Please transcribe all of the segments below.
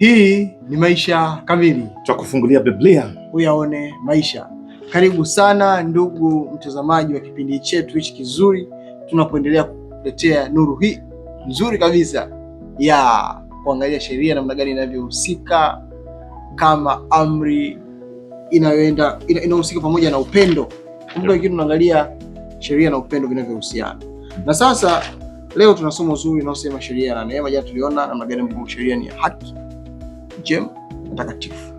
Hii ni Maisha Kamili, twakufungulia Biblia uyaone maisha. Karibu sana ndugu mtazamaji wa kipindi chetu hichi kizuri, tunapoendelea kukuletea nuru hii nzuri kabisa ya kuangalia sheria namna gani inavyohusika kama amri inayoenda inahusika pamoja na upendo. Kumbuka wengine Tunaangalia sheria na upendo vinavyohusiana, na sasa leo tunasoma uzuri unaosema sheria na neema. Jana tuliona namna gani sheria ni haki gem mtakatifu.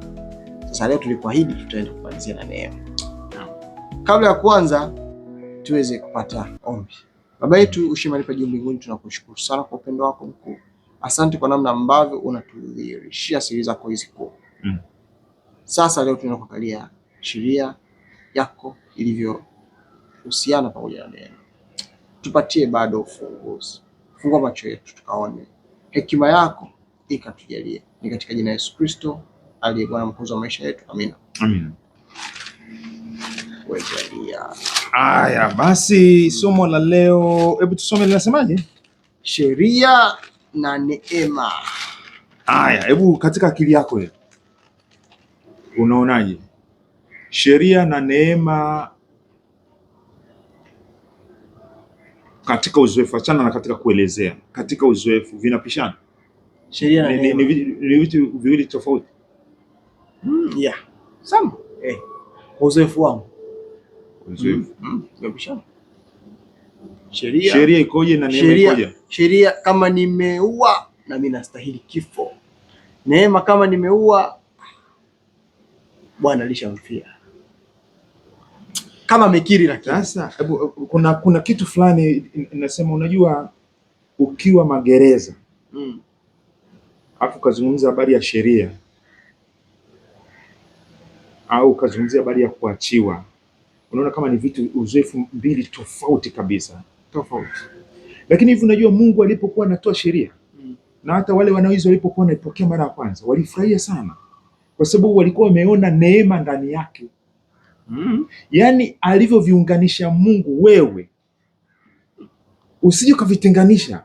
Sasa leo tulikuahidi tutaenda kumalizia na neema. Kabla ya kuanza, tuweze kupata ombi. Baba yetu ushimalipa juu mbinguni, tunakushukuru sana kwa upendo wako mkuu. Asante kwa namna ambavyo unatudhihirishia siri zako hizi kuu. Mm. Sasa leo tunaenda kuangalia sheria yako ilivyohusiana pamoja na neema. Tupatie bado ufunguzi, fungua macho yetu tukaone hekima yako ikatujalie. Ni katika jina Yesu Kristo aliye Bwana mkuu wa maisha yetu, amina, amina. Aya, basi somo la leo, hebu tusome linasemaje? Sheria na neema. Aya, hebu katika akili yako unaonaje sheria na neema katika uzoefu? Achana na katika kuelezea, katika uzoefu vinapishana? sheria na neno ni vitu viwili tofauti. Mm, yeah. Sawa. Eh. Uzoefu wangu. Uzoefu. Mm. Mm. Sheria. Sheria ikoje na neema ikoje? Sheria kama nimeua na mimi nastahili kifo. Neema kama nimeua Bwana alishamfia. Kama amekiri lakini. Sasa kuna kuna kitu fulani inasema unajua ukiwa magereza. Mm alafu ukazungumza habari ya sheria au ukazungumzia habari ya kuachiwa, unaona kama ni vitu, uzoefu mbili tofauti kabisa, tofauti. Lakini hivi unajua, Mungu alipokuwa anatoa sheria mm. na hata wale wanaoizo walipokuwa wanaipokea mara ya kwanza walifurahia sana, kwa sababu walikuwa wameona neema ndani yake mm. Yaani alivyoviunganisha Mungu, wewe usije ukavitenganisha.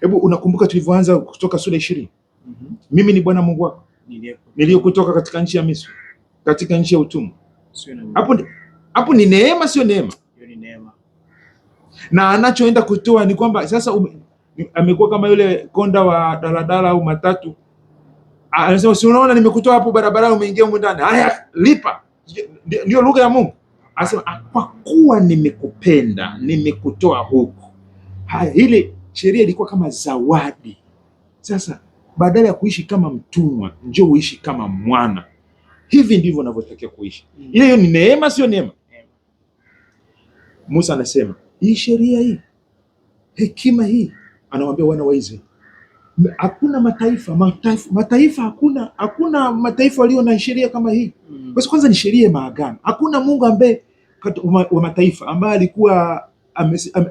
Hebu unakumbuka tulivyoanza kutoka sura ishirini -hmm. Mimi ni Bwana Mungu wako niliyokutoka katika nchi ya Misri, katika nchi ya utumwa. Hapo hapo ni neema, sio neema. Na anachoenda kutoa ni kwamba sasa ume, amekuwa kama yule konda wa daladala au matatu, anasema si unaona, nimekutoa hapo barabarani, umeingia huko ndani. Haya, lipa. Ndio lugha ya Mungu, anasema ah, kwa kuwa nimekupenda, nimekutoa huku. Hili sheria ilikuwa kama zawadi sasa badala ya kuishi kama mtumwa, njoo uishi kama mwana. Hivi ndivyo unavyotakiwa kuishi. Mm. Ile hiyo ni neema, sio neema. Musa anasema hii sheria hii, hekima hii, anawaambia wana wa Israeli hakuna mataifa mataifa, mataifa hakuna hakuna mataifa walio na sheria kama hii mm. Basi kwanza ni sheria ya maagano. Hakuna Mungu ambaye wa mataifa ambaye alikuwa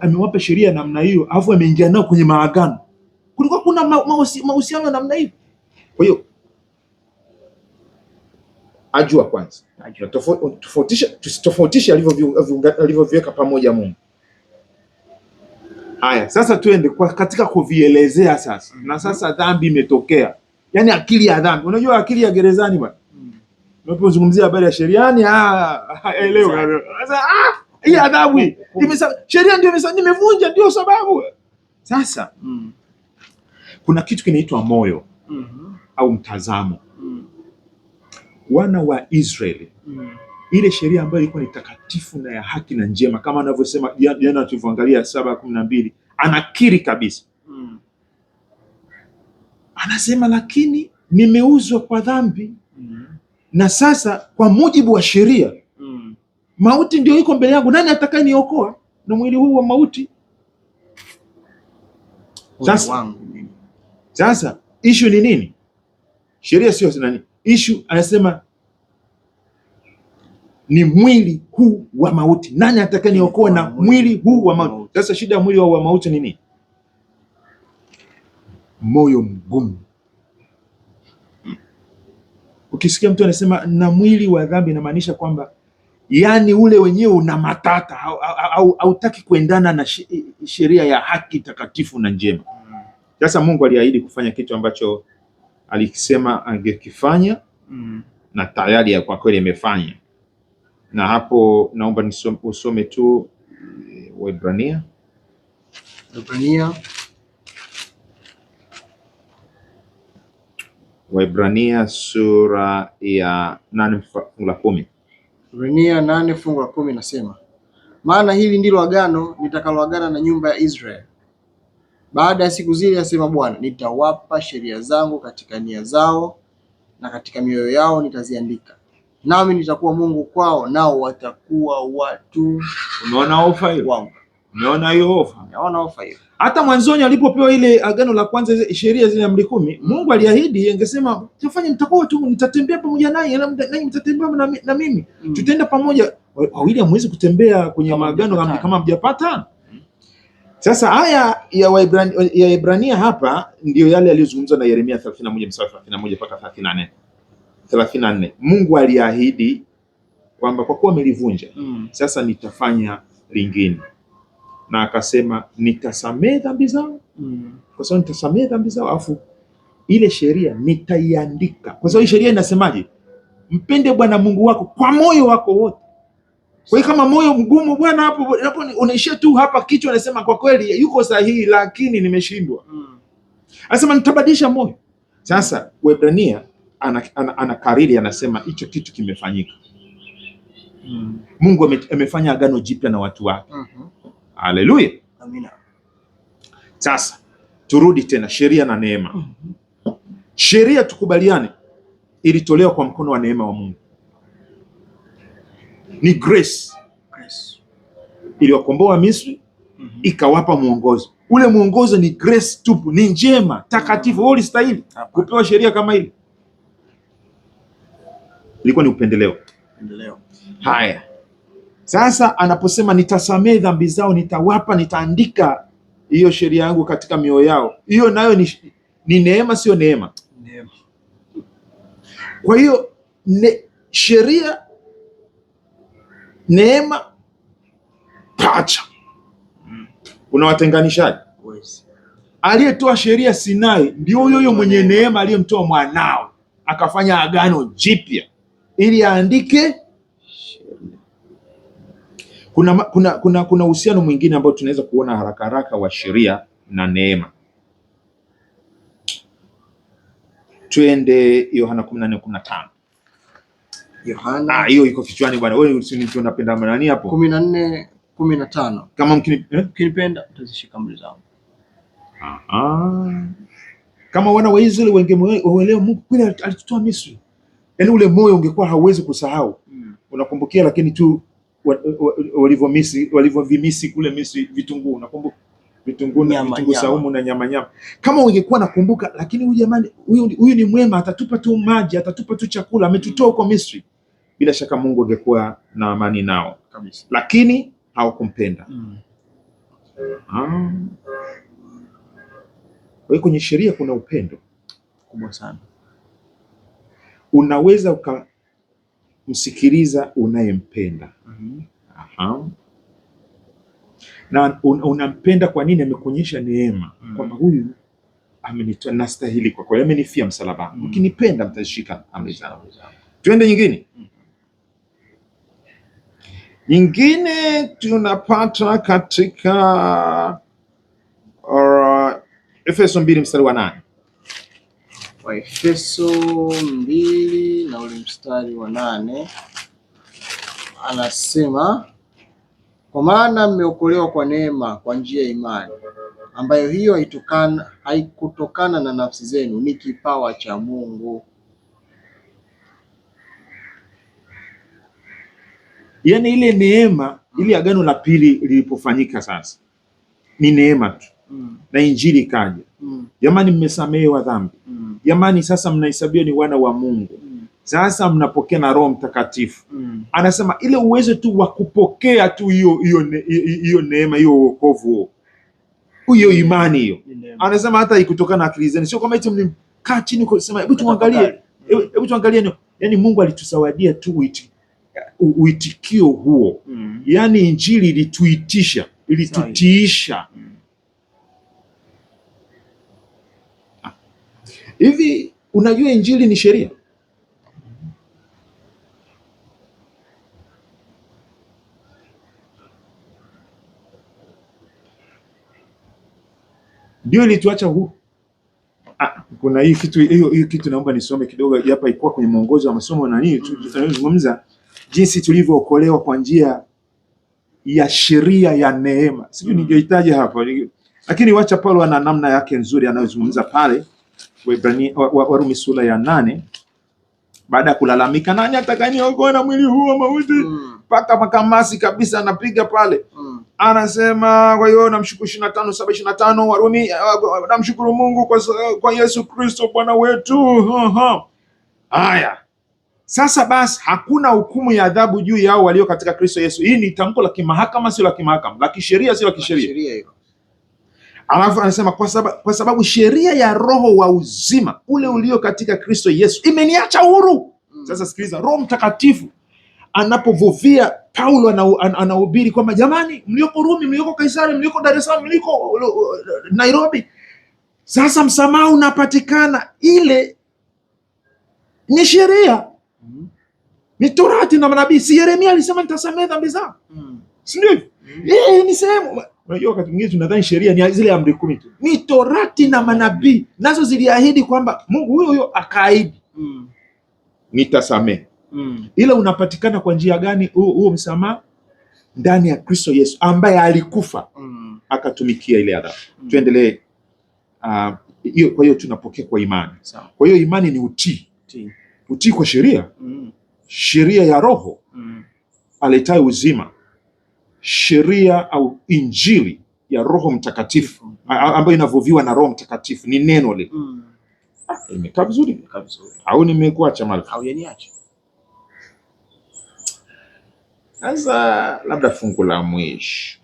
amewapa sheria namna hiyo, alafu ameingia nao kwenye maagano kulikuwa kuna mahusiano ya namna hiyo. Kwa hiyo ajua kwanza, tusitofautishe alivyoviweka pamoja Mungu. Haya, sasa tuende kwa katika kuvielezea sasa. Mm-hmm. Na sasa dhambi imetokea, yaani akili ya dhambi. Unajua akili ya gerezani bwana, mm-hmm. unapozungumzia habari ya sheriani ah, ah, elewe sasa ah, hii adhabu, sheria ndio nimevunja, ndio sababu sasa mm kuna kitu kinaitwa moyo mm -hmm. au mtazamo mm -hmm. wana wa Israeli mm -hmm. ile sheria ambayo ilikuwa ni takatifu na ya haki na njema, kama anavyosema jana tulivyoangalia saba kumi na mbili, anakiri kabisa mm -hmm. anasema, lakini nimeuzwa kwa dhambi mm -hmm. na sasa kwa mujibu wa sheria mm -hmm. mauti ndio iko mbele yangu, nani atakayeniokoa na mwili huu wa mauti? Sasa, sasa ishu ni nini? Sheria sio nani, ishu anasema ni mwili huu wa mauti. Nani atakayeniokoa na mwili huu wa mauti? Sasa shida ya mwili wa mauti ni nini? Moyo mgumu. Ukisikia mtu anasema na mwili wa dhambi, inamaanisha kwamba yaani ule wenyewe una matata, hautaki kuendana na sheria ya haki takatifu na njema. Sasa Mungu aliahidi kufanya kitu ambacho alikisema angekifanya mm. na tayari kwa kweli amefanya, na hapo naomba usome tu eh, Waebrania Waebrania Waebrania sura ya nane fungu la kumi Waebrania nane fungu la kumi nasema, maana hili ndilo agano nitakaloagana na nyumba ya Israeli baada ya siku zile asema Bwana, nitawapa sheria zangu katika nia zao na katika mioyo yao nitaziandika, nami nitakuwa Mungu kwao, nao watakuwa watu. Umeona ofa hiyo? Umeona hiyo ofa? Umeona ofa hiyo? Hata mwanzoni alipopewa ile agano la kwanza, sheria zile amri kumi, Mungu aliahidi, angesema tafanya, nitakuwa watu, nitatembea pamoja nanyi nanyi mtatembea na mimi, mm. tutaenda pamoja. Wawili hamwezi kutembea kwenye maagano kama mjapata sasa haya ya Waibrania, ya Ibrania hapa ndio yale yaliyozungumzwa na Yeremia 31 mstari 31 mpaka 34. 34. Mungu aliahidi kwamba kwa kuwa amelivunja mm. sasa nitafanya lingine, na akasema nitasamehe dhambi zao mm. kwa sababu nitasamehe dhambi zao, afu ile sheria nitaiandika, kwa sababu sheria inasemaje? Mpende Bwana Mungu wako kwa moyo wako wote kwa hiyo kama moyo mgumu bwana, hapo unaishia tu hapa, kichwa anasema kwa kweli yuko sahihi, lakini nimeshindwa. Hmm. Anasema nitabadilisha moyo. Sasa Waebrania anakariri ana, ana anasema hicho kitu kimefanyika. Mm. Mungu amefanya agano jipya na watu wake. Mm -hmm. -huh. Amina. Sasa turudi tena sheria na neema. Mm -hmm. Sheria, tukubaliane, ilitolewa kwa mkono wa neema wa Mungu ni grace, grace. Iliwakomboa Misri mm -hmm. Ikawapa mwongozo ule mwongozo ni grace tupu, ni njema takatifu. Wewe ulistahili kupewa sheria kama ile? Ilikuwa ni upendeleo. Upendeleo. Haya, sasa anaposema nitasamehe dhambi zao, nitawapa, nitaandika hiyo sheria yangu katika mioyo yao, hiyo nayo ni, ni neema, sio neema? Neema. Kwa hiyo ne, sheria neema pacha. Unawatenganishaje? Aliyetoa sheria Sinai ndio huyo huyo mwenye neema aliyemtoa mwanawe akafanya agano jipya ili aandike kuna kuna kuna kuna uhusiano mwingine ambao tunaweza kuona haraka haraka wa sheria na neema. Twende Yohana 14:15. Yohana. Ah, hiyo iko kichwani bwana. Wewe si unapenda nani hapo? 14 15. Kama mkinipenda eh? utazishika amri zangu. Ah ah. Kama wana wa Israeli wangemuelewa Mungu kweli alitutoa Misri. Yaani ule moyo ungekuwa hauwezi kusahau. Mm. Unakumbukia lakini tu walivyo Misri, walivyo vimisi kule Misri vitunguu, unakumbuka? Vitunguu na vitunguu saumu na nyama nyama. Kama ungekuwa nakumbuka, lakini huyu jamani, huyu ni mwema, atatupa tu maji, atatupa tu chakula, ametutoa huko Misri. mm bila shaka Mungu angekuwa na amani nao kabisa, lakini hawakumpenda. mm. Ah. kwenye sheria kuna upendo kubwa sana. Unaweza ukamsikiliza unayempenda. -hmm. Aha. Na un, unampenda kwa nini? Amekuonyesha neema mm. kwamba huyu amenitoa nastahili, kwa kweli amenifia msalaba. Mkinipenda mm. Ukinipenda mtazishika amri zangu. Twende nyingine mm. Ingine tunapata katika uh, Efeso mbili mstari wa nane. Waefeso mbili na ule mstari wa nane anasema kwa maana mmeokolewa kwa neema kwa njia ya imani, ambayo hiyo haikutokana na nafsi zenu, ni kipawa cha Mungu. Yaani ile neema ili mm. agano la pili lilipofanyika sasa ni neema tu mm. na injili ikaja mm. jamani, mm. mmesamehewa dhambi mm. jamani, sasa mnahesabiwa ni wana wa Mungu mm. sasa mnapokea na Roho Mtakatifu mm. anasema ile uwezo tu wa kupokea tu hiyo hiyo neema hiyo wokovu hiyo imani hiyo, anasema hata ikutokana na akili zenu, sio kama eti chini kusema, hebu tuangalie, hebu tuangalie, yani Mungu alitusawadia tu iti uitikio huo mm. Yaani injili ilituitisha, ilitutiisha hivi mm. Unajua injili ni sheria ndio ilituacha huu Ah, kuna hii kitu hiyo, hiyo kitu naomba nisome kidogo hapa, ikuwa kwenye mwongozo wa masomo na nini mm. tunazungumza jinsi tulivyookolewa kwa njia ya sheria ya neema. Sijui mm. ningehitaji hapo, lakini wacha Paulo ana namna yake nzuri anayozungumza pale Waebrania, Warumi sura ya nane baada ya kulalamika, nani atakayeniokoa na mwili huu wa mauti? Mpaka mm. makamasi kabisa anapiga pale mm. anasema, kwa hiyo namshukuru ishirini na tano saba ishirini na tano Warumi, eh, namshukuru Mungu kwa, eh, kwa Yesu Kristo Bwana wetu. Haya, sasa basi hakuna hukumu ya adhabu juu yao walio katika Kristo Yesu. Hii ni tamko la kimahakama, sio la kimahakama, la kisheria, sio la kisheria. Alafu anasema kwa sababu, kwa sababu sheria ya roho wa uzima ule ulio katika Kristo Yesu imeniacha huru. Hmm. Sasa sikiliza, Roho Mtakatifu anapovuvia Paulo anahubiri kwamba jamani, mlioko Rumi, mlioko Kaisari, mlioko Dar es Salaam, mlioko uh, uh, Nairobi, sasa msamaha unapatikana. Ile ni sheria ni Torati na manabii. Si Yeremia alisema nitasamehe dhambi zao, hmm. si ndio? Eh, ni sehemu. Unajua, wakati mwingine tunadhani sheria ni zile amri kumi tu. Ni Torati na manabii nazo ziliahidi kwamba Mungu huyo huyo akaahidi mm. nitasamehe mm. ila unapatikana kwa njia gani huo msamaha? Ndani ya Kristo Yesu ambaye alikufa mm. akatumikia ile adhabu mm. Tuendelee ah, hiyo uh, kwa hiyo tunapokea kwa imani. Kwa hiyo imani ni utii utii kwa sheria mm sheria ya Roho mm. aletaye uzima, sheria au injili ya Roho Mtakatifu mm. ambayo inavuviwa na Roho Mtakatifu ni neno le mm. Imekaa vizuri au nimekuacha mali? Hauyaniacha. Sasa labda fungu la mwisho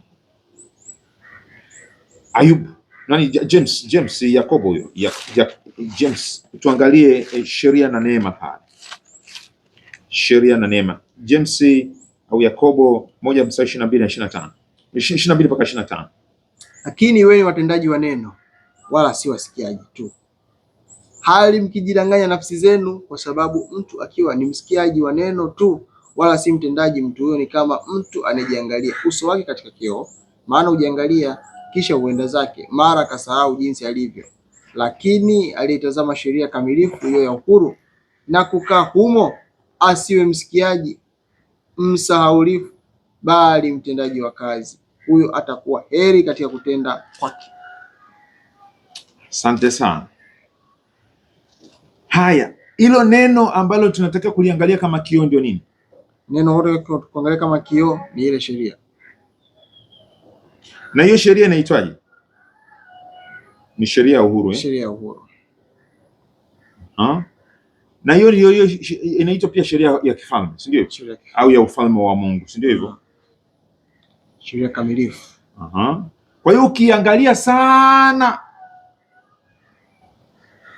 Ayubu nani, James, James Yakobo huyo ya, ya, James, tuangalie eh, sheria na neema pale sheria na neema. James au Yakobo moja mstari ishirini na mbili na ishirini na tano ishirini na mbili mpaka ishirini na tano Lakini iweni watendaji wa neno wala si wasikiaji tu, hali mkijidanganya nafsi zenu, kwa sababu mtu akiwa ni msikiaji wa neno tu wala si mtendaji, mtu huyo ni kama mtu anayejiangalia uso wake katika kioo, maana hujiangalia kisha huenda zake, mara akasahau jinsi alivyo. Lakini aliyetazama sheria kamilifu hiyo ya uhuru na kukaa humo asiwe msikiaji msahaulifu, bali mtendaji wa kazi. Huyo atakuwa heri katika kutenda kwake. Asante sana. Haya, hilo neno ambalo tunataka kuliangalia kama kioo ndio nini? Neno kuangalia kama kioo ni ile sheria, na hiyo sheria inaitwaje? Ni sheria ya uhuru, eh? Sheria ya uhuru ha? na hiyo hiyo inaitwa pia sheria ya kifalme, si ndio? Au ya ufalme wa Mungu, si ndio hivyo? Ah. Sheria kamilifu. Aha. Kwa hiyo ukiangalia sana,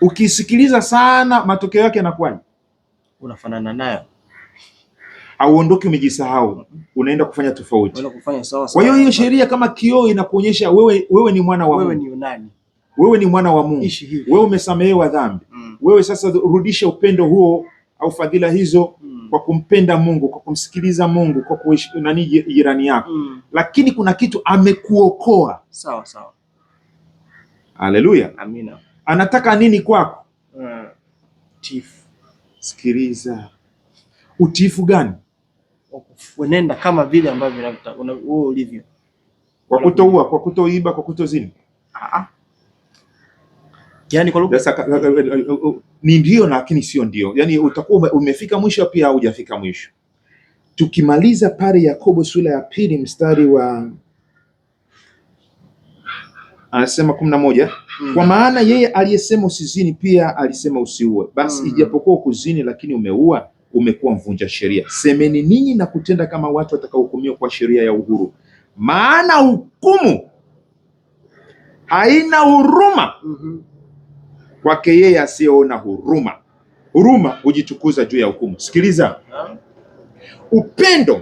ukisikiliza sana, matokeo yake yanakuwa unafanana nayo, auondoki umejisahau, mm-hmm. unaenda kufanya tofauti. Kwa hiyo hiyo sheria kama kioo inakuonyesha wewe, wewe ni mwana wa Mungu, wewe ni nani? Wewe ni mwana wa Mungu, wewe umesamehewa dhambi wewe sasa rudisha upendo huo au fadhila hizo hmm. kwa kumpenda Mungu, kwa kumsikiliza Mungu, kwa nani jirani yako mm. lakini kuna kitu amekuokoa. Sawa sawa, haleluya, amina. Anataka nini kwako? mm. Tifu, Sikiliza, utiifu gani? Wenenda kama vile ambavyo wewe ulivyo, kwa kutoua, kwa kutoiba, kwa kutozini. Ah, ah. Yani kwa lugha eh, eh, eh, ni ndio lakini sio ndio, yani utakuwa umefika mwisho pia hujafika mwisho. Tukimaliza pale Yakobo sura ya pili mstari wa anasema kumi na moja mm. Kwa maana yeye aliyesema usizini pia alisema usiue. Basi mm. ijapokuwa ukuzini lakini umeua, umekuwa mvunja sheria. Semeni ninyi na kutenda kama watu watakaohukumiwa kwa sheria ya uhuru, maana hukumu haina huruma mm -hmm kwake yeye asiyeona huruma. Huruma hujitukuza juu ya hukumu. Sikiliza, upendo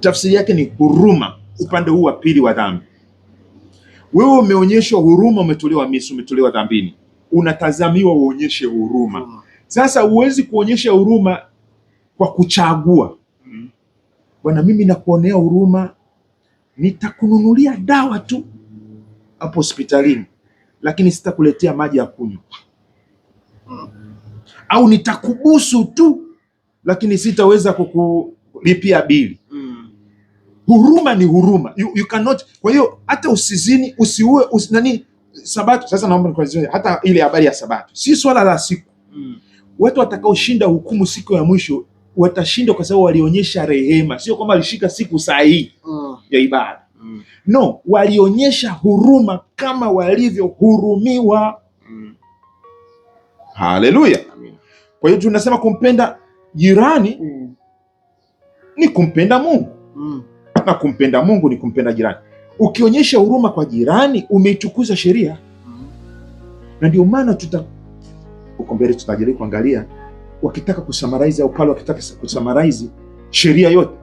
tafsiri yake ni huruma, upande huu wa pili wa dhambi. Wewe umeonyeshwa huruma, umetolewa misu, umetolewa dhambini, unatazamiwa uonyeshe huruma. Sasa huwezi kuonyesha huruma kwa kuchagua, bwana, mimi nakuonea huruma, nitakununulia dawa tu hapo hospitalini, lakini sitakuletea maji ya kunywa mm. au nitakubusu tu, lakini sitaweza kukulipia bili mm. Huruma ni huruma, you, you cannot. Kwa hiyo hata usizini, usiue, usi, nani Sabato. Sasa naomba hata ile habari ya Sabato si swala la siku mm. Watu watakaoshinda hukumu siku ya mwisho watashinda kwa sababu walionyesha rehema, sio kwamba alishika siku sahihi mm. ya ibada. Mm. No, walionyesha huruma kama walivyohurumiwa. mm. Haleluya! Kwa hiyo tunasema kumpenda jirani mm. ni kumpenda Mungu mm. na kumpenda Mungu ni kumpenda jirani. Ukionyesha huruma kwa jirani umeitukuza sheria mm. na ndio maana tuta huko mbele tutajaribu kuangalia wakitaka kusummarize au pale wakitaka kusummarize sheria yote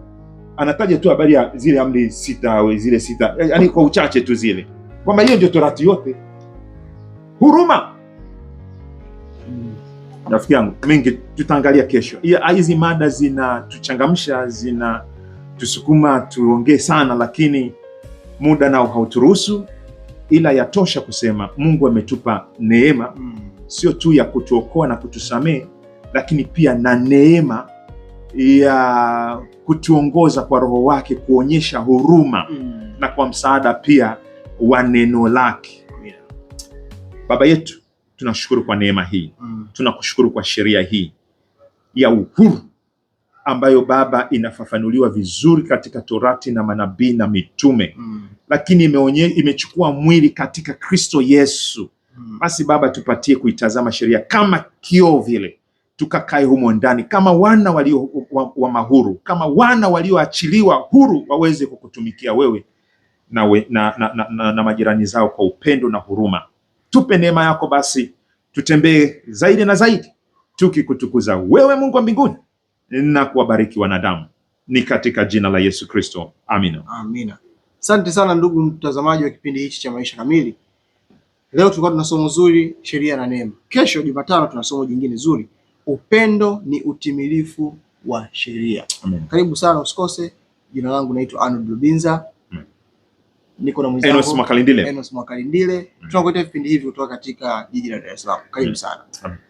anataja tu habari ya zile amri sita au zile sita, yani kwa uchache tu zile, kwamba hiyo ndio torati yote. Huruma hmm. rafiki yangu, mengi tutaangalia kesho. Hizi mada zinatuchangamsha, zinatusukuma tuongee sana, lakini muda nao hauturuhusu, ila yatosha kusema Mungu ametupa neema mm, sio tu ya kutuokoa na kutusamehe, lakini pia na neema ya kutuongoza kwa Roho wake kuonyesha huruma mm. na kwa msaada pia wa neno lake yeah. Baba yetu tunashukuru kwa neema hii mm. tunakushukuru kwa sheria hii ya uhuru ambayo Baba inafafanuliwa vizuri katika Torati na manabii na mitume mm. lakini imeonye, imechukua mwili katika Kristo Yesu mm. basi mm. Baba tupatie kuitazama sheria kama kioo vile tukakae humo ndani kama wana walio wa, wa mahuru kama wana walioachiliwa huru waweze kukutumikia wewe na, we, na, na, na, na, na majirani zao kwa upendo na huruma. Tupe neema yako basi, tutembee zaidi na zaidi tukikutukuza wewe Mungu wa mbinguni na kuwabariki wanadamu, ni katika jina la Yesu Kristo, amina, amina. Asante sana ndugu mtazamaji wa kipindi hichi cha Maisha Kamili. Leo tulikuwa tuna somo zuri, sheria na neema. Kesho Jumatano tuna somo jingine zuri upendo ni utimilifu wa sheria. Amen. Karibu sana, usikose. Jina langu naitwa Arnold lubinza niko na mwenzangu Enos Mwakalindile. Enos Mwakalindile, tunakuletea vipindi hivi kutoka katika jiji la Dar es Salaam. Karibu sana. Amen.